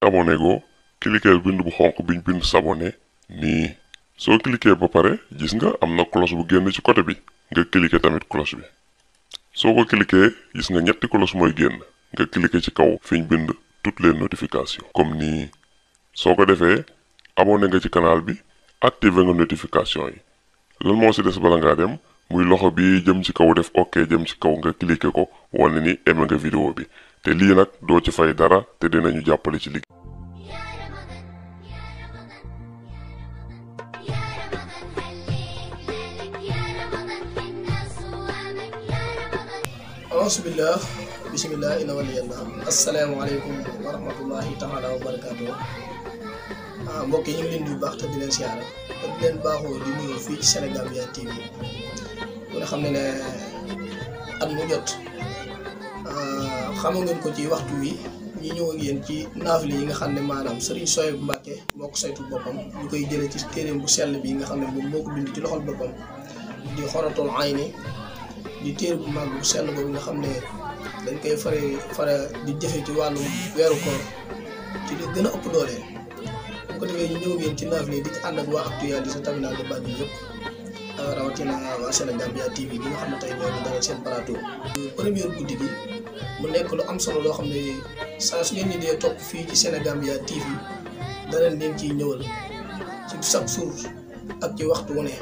abonné go cliquer bind bu xonq biñ bind s'abonner nii soo cliquer ba pare gis nga am na bu génn ci côté bi nga cliquer tamit cloche bi soo ko cliquer gis nga ñetti cloche mooy génn nga cliquer ci kaw fiñ bind toutes les notifications comme nii soo ko defee abonné nga ci canal bi activer nga notification yi lan moo ci des bala ngaa dem muy loxo bi jëm ci kaw def ok jëm ci kaw nga cliquer ko wone ni aimé nga vidéo bi te li nak do ci fay dara te dinañu jappalé ci liggéey Bismillah, Bismillah, ina wali Assalamualaikum warahmatullahi taala wabarakatuh. Ah, Mungkin ingin dibahas tentang siapa, tentang bahwa di New Fit Senegambia TV. ku ne xam ne ne at mu jot euh, xamoo ngeen ko ci waxtu wi ñi ñëw ak yéen ci naafile yi nga xam ne maanaam Serigne Souhaïbou Mbacké moo ko saytu boppam ñu koy jëlee ci téeréem bu sell bi nga xam ne moom moo ko bind ci loxol boppam di xoratul ayni di téere bu mag bu sell boobu nga xam ne dañ koy fare fara di jëfe ci wàllu weeru koor ci gën a ëpp doole bu ko defee ñu ñëw ak yéen ci naafile di ci ànd ak waa Actualité naa terminal de Badji yëpp. rawatina waa Sénégambia TV bi nga xam ne tey mooy ñu seen plateau. première guddi bi mu nekk lu am solo loo xam ne saa su ngeen ñu dee topp fii ci Sénégambia TV danañ leen ciy ñëwal ci chaque jour ak ci waxtu ne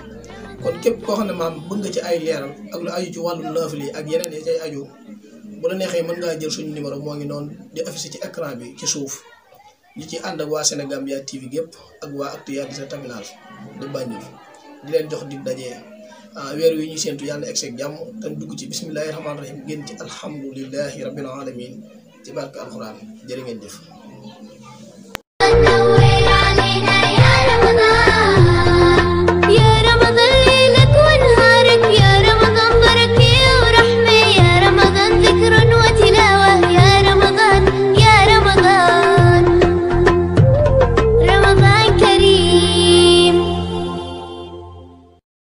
kon képp koo xam ne maam bëgg ci ay leeral ak lu aju ci wàllum naafila yi ak yeneen yi cay aju bu la neexee mën ngaa jël suñu numéro moo ngi noon di affiché ci écran bi ci suuf ñu ci ànd ak waa Sénégambia TV gépp ak waa Actu Yadd sa terminal di leen jox di daje ah, weer wi ñu séntu yàlla egg seeg jàmm te dugg ci bismillahi rahmaani rahim génn ci alhamdulillahi rabbil alamin ci barke alquran jërë ngeen jëf.